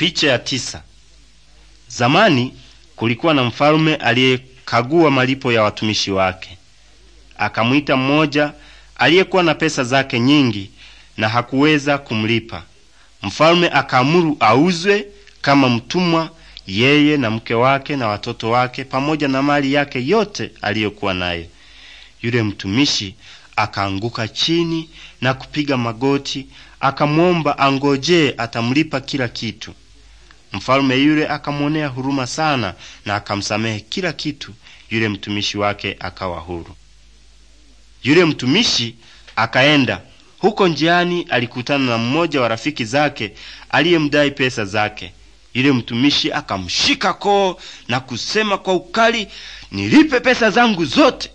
Picha ya tisa. Zamani kulikuwa na mfalme aliyekagua malipo ya watumishi wake. Akamwita mmoja aliyekuwa na pesa zake nyingi na hakuweza kumlipa. Mfalme akaamuru auzwe kama mtumwa, yeye na mke wake na watoto wake, pamoja na mali yake yote aliyokuwa nayo. Yule mtumishi akaanguka chini na kupiga magoti, akamwomba angojee atamlipa kila kitu. Mfalme yule akamwonea huruma sana na akamsamehe kila kitu, yule mtumishi wake akawa huru. Yule mtumishi akaenda huko. Njiani alikutana na mmoja wa rafiki zake aliyemdai pesa zake. Yule mtumishi akamshika koo na kusema kwa ukali, nilipe pesa zangu zote.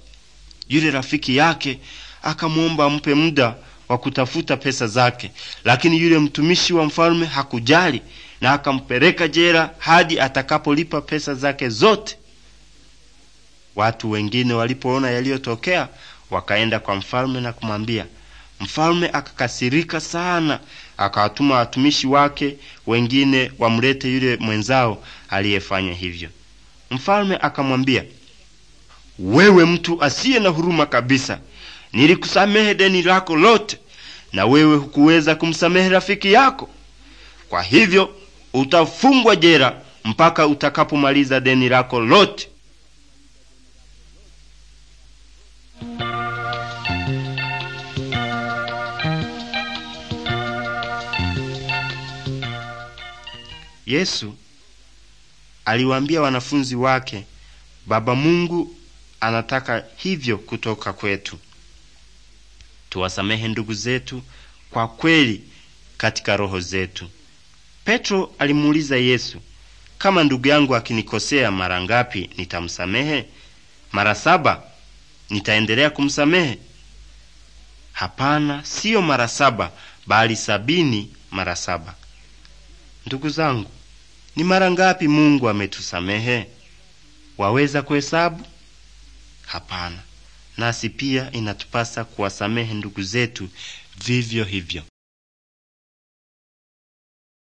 Yule rafiki yake akamwomba ampe muda wa kutafuta pesa zake, lakini yule mtumishi wa mfalme hakujali na akampeleka jela hadi atakapolipa pesa zake zote. Watu wengine walipoona yaliyotokea, wakaenda kwa mfalme na kumwambia. Mfalme akakasirika sana, akawatuma watumishi wake wengine wamlete yule mwenzao aliyefanya hivyo. Mfalme akamwambia, wewe mtu asiye na huruma kabisa, nilikusamehe deni lako lote, na wewe hukuweza kumsamehe rafiki yako. Kwa hivyo utafungwa jera mpaka utakapomaliza deni lako lote. Yesu aliwaambia wanafunzi wake, Baba Mungu anataka hivyo kutoka kwetu. Tuwasamehe ndugu zetu kwa kweli katika roho zetu. Petro alimuuliza Yesu, kama ndugu yangu akinikosea mara ngapi nitamsamehe? Mara saba? Nitaendelea kumsamehe? Hapana, siyo mara saba, bali sabini mara saba. Ndugu zangu, ni mara ngapi Mungu ametusamehe? Waweza kuhesabu? Hapana. Nasi pia inatupasa kuwasamehe ndugu zetu vivyo hivyo.